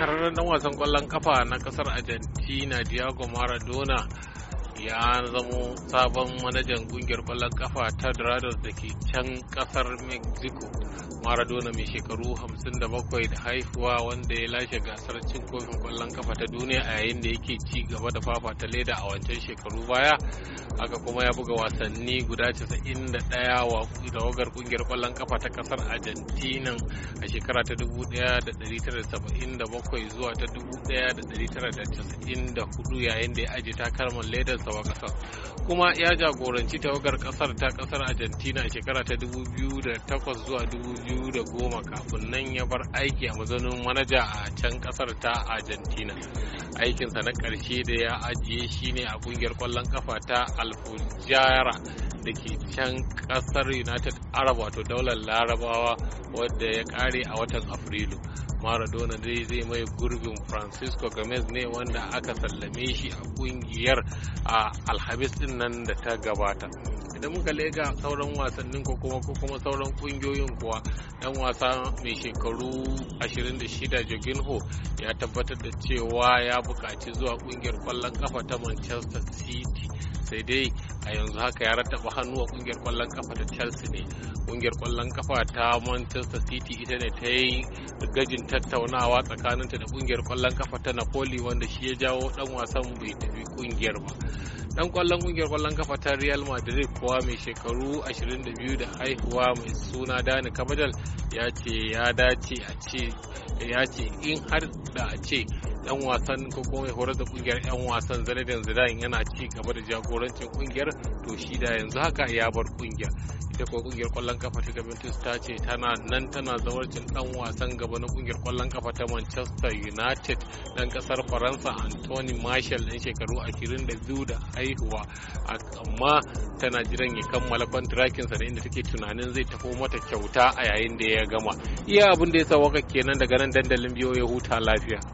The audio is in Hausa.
shahararren wasan kwallon kafa na kasar argentina diego maradona ya zamo sabon manajan kungiyar kwallon kafa ta dorados da ke can kasar mexico maradona mai shekaru 57 da haihuwa wanda ya lashe gasar cin kofin kwallon kafa ta duniya a yayin da yake ci gaba da fafata leda a wancan shekaru baya haka kuma ya buga wasanni guda 91 wa tawagar kungiyar kwallon kafa ta kasar argentina a shekara ta 1977 zuwa ta 1994 yayin da ya aje takalman ledarsa wa kasar kuma ya jagoranci tawagar kasar ta kasar argentina a shekara ta 2008 zuwa 2000 da goma kafin nan ya bar aiki a mazanin manaja a can kasar ta argentina aikinsa na ƙarshe da ya ajiye shine a ƙungiyar ƙwallon kafa ta alfujara da ke can kasar united arab wato daular larabawa wadda ya ƙare a watan afrilu maradona dai zai mai gurbin francisco gomez ne wanda aka sallame shi a kungiyar a alhamis din nan da ta gabata idan muka lega sauran wasannin ko kuma ko kuma sauran kungiyoyin kuwa dan wasa mai shekaru 26 Jorginho ya tabbatar da cewa ya buƙaci zuwa kungiyar kwallon kafa ta Manchester City sai dai a yanzu haka ya rattaba hannu a kungiyar kwallon kafa ta chelsea ne kungiyar kwallon kafa ta manchester city ita ne ta yi gajin tattaunawa tsakaninta da kungiyar kwallon kafa ta napoli wanda shi ya jawo dan wasan bai tafi kungiyar ba dan kwallon kungiyar kwallon kafa ta Real Madrid kuwa mai shekaru 22 da haihuwa mai suna Dani Kabadal ya ce ya dace a ce ya ce in har da a ce dan wasan ko kuma mai horar da kungiyar yan wasan Zinedine Zidane yana ci gaba da jagorancin kungiyar to shi da yanzu haka ya bar kungiyar ce ko kungiyar kwallon kafa ta Juventus ta ce tana nan tana zawarcin dan wasan gaba na kungiyar kwallon kafa ta Manchester United dan kasar Faransa Anthony Martial dan shekaru 22 da haihuwa amma tana jiran ya kammala kwantirakin sa da inda take tunanin zai tafi mata kyauta a yayin da ya gama iya abin da ya sa waka kenan daga nan dandalin biyo ya huta lafiya